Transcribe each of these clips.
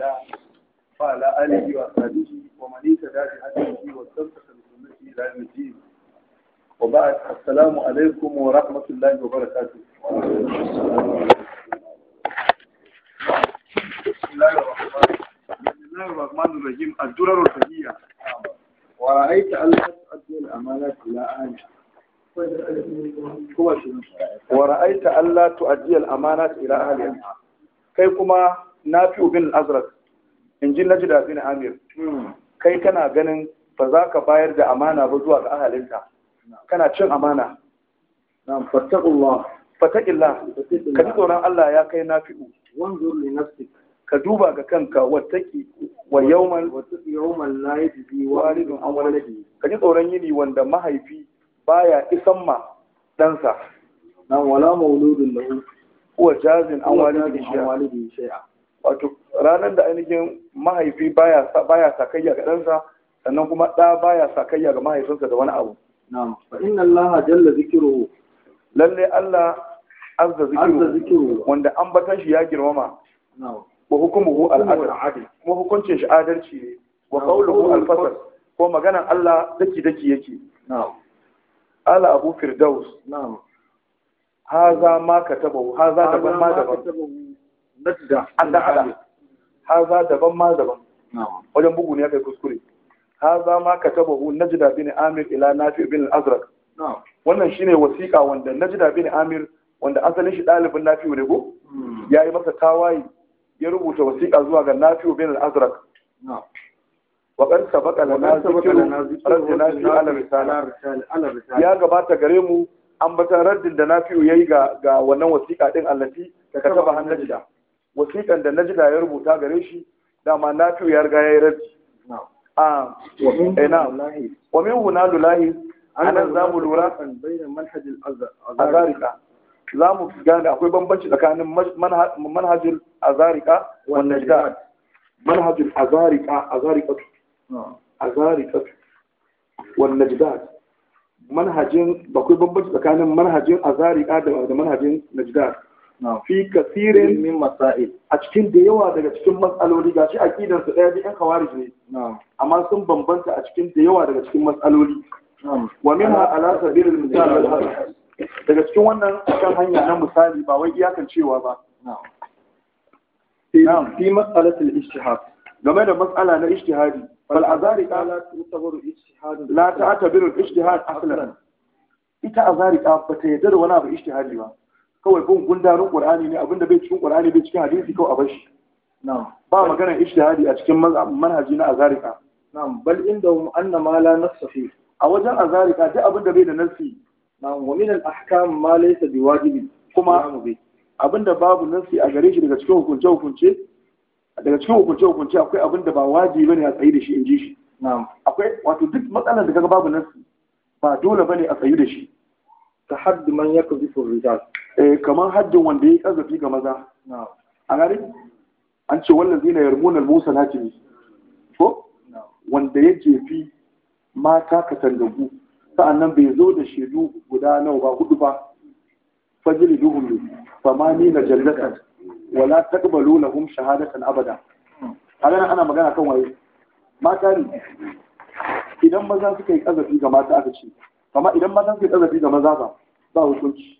الله وعلى آله وأصحابه ومن اهتدى بهديه واستمسك بسنته إلى يوم الدين وبعد السلام عليكم ورحمة الله وبركاته بسم الله الرحمن بسم الله الرحمن الرحيم الدرر الفهية ورأيت أن لا تؤدي الأمانات إلى آله ورأيت ألا تؤدي الأمانات إلى أهلها kai kuma Na fi ubin azrak in ji najda bin amir hmm. kai kana ganin ba za ka bayar da amana ba zuwa ga ahalinka kana cin amana na'am fattaqullah ka ji tsoron Allah ya kai na fi ka duba ga kanka wattaki wa yawmal wattaki la yajzi walidun an waladi ka ji tsoron yini wanda mahaifi baya isan ma ɗansa na wala mauludun lahu huwa jazin an walidi shay'a wato ranar da ainihin mahaifi baya kai sakayya ga ɗansa sannan kuma ɗa baya sakayya ga mahaifinsa da wani abu Na, inna allaha jalla zikiru. lalle allah azza zikiru. wanda ambatan shi ya girmama na'am wa hukumuhu al'adar, kuma hukuncin shi adalci ne wa qawluhu al-fasl ko maganan allah daki daki yake Na. ala abu firdaus Na. haza ma katabahu haza daban ma daban nadda an dan adam haza daban ma daban wajen bugu ne ya kai kuskure haza ma ka na najda bin amir ila nafi bin azraq wannan shine wasiƙa wanda na najda bin amir wanda asalin shi ɗalibin nafi'u ne ko hmm. ya yi masa tawaye ya rubuta wasiƙa zuwa ga nafi'u bin azraq waƙar sabaka lana zikiru ya gabata gare mu an bata raddin da nafi'u ya yi ga wannan wasiƙa ɗin allafi da ka taba hannajida wasiƙan da najida ya rubuta gare shi dama na fi ya riga ya yi rabi a ah, wa min huna lulahi anan za mu lura a zarika za mu gane akwai bambanci tsakanin manhajin azarika wa najda manhajin azarika azarika azarika wa najda manhajin bakwai bambanci tsakanin manhajin azarika da manhajin najda fi kasirin min masail a cikin da yawa daga cikin matsaloli gashi aqidar su daya bi yan khawarij ne amma sun bambanta a cikin da yawa daga cikin matsaloli wa minha ala sabilil misal daga cikin wannan kan hanya na misali ba wai iyakan cewa ba fi mas'alatul ijtihad game da matsala na ijtihadi bal azarika la ta ijtihad la ta'tabiru ijtihad aslan ita azarika ba ta yarda da wani abu ijtihadi ba kawai bin gundarin qur'ani ne abinda bai cikin qur'ani bai cikin hadisi kawai a bar shi ba magana ijtihadi a cikin manhaji na azarika na'am bal indahum anna ma la nafsa fi a wajen azarika duk abinda bai da nafsi na'am wa min al ahkam ma laysa wajibi. kuma abinda babu nafsi a gare shi daga cikin hukunce hukunce daga cikin hukunce hukunce akwai abinda ba wajibi bane a tsayi da shi in ji shi na'am akwai wato duk matsalar da kaga babu nafsi ba dole bane a tsayi da shi ta haddu man yakzifu rijal Eh, kamar haddin wanda ya yi ƙazafi ga maza a gari an ce wannan zina yarmunar musa na jini ko wanda ya jefi mata ka katangagu sa'annan bai zo da shaidu guda nawa ba hudu ba fajiri duhun ne ni na jallatan wala taqbalu lahum shahadatan abada haka ana magana kan waye mata ne idan maza suka yi ƙazafi ga mata aka ce amma idan maza suka yi ƙazafi ga maza ba ba hukunci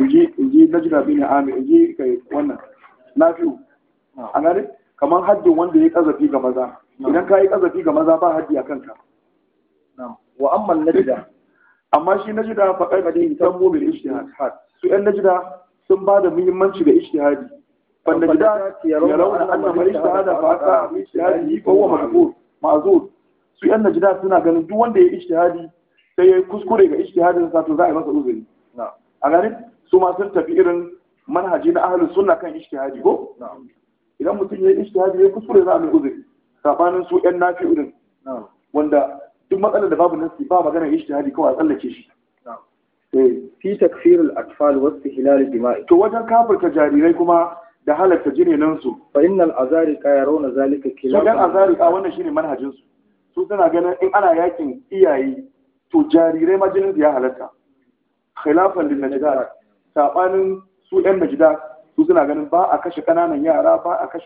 inji inji najra bin amir inji kai wannan Na nafi'u ah. a gane kamar haddin wanda ya kazafi ga maza idan ka yi kazafi ga maza ba haddi a kanka wa amma najda amma shi najda fa kai kadin tambo bil ijtihad su yan najda sun ba da muhimmanci ga ijtihadi fa najda yarawna anna man ijtihada fa aka min ijtihadi fa huwa maqbul ma'zur su yan najda suna ganin duk wanda ya ijtihadi sai ya kuskure ga ijtihadin sa to za a yi masa uzuri a ganin su ma sun tafi irin manhaji na ahalin sunna kan ijtihadi ko idan mutum ya yi ijtihadi ya kuskure za a mai uzuri sabanin su yan nafi'u din wanda duk matsalar da babu nasi ba magana ijtihadi kawai a tsallake shi eh. fi takfir al-atfal wa istihlal dima'i to wajen kafirta jarirai kuma da halatta jinenan su fa innal azarika yarawna zalika kilaba wajen azarika wannan shine manhajin su su suna ganin in ana yakin iyaye to jarirai ma jinin ya halatta khilafan lin najat saɓanin su yan majida su suna ganin ba a kashe ƙananan yara ba a kashe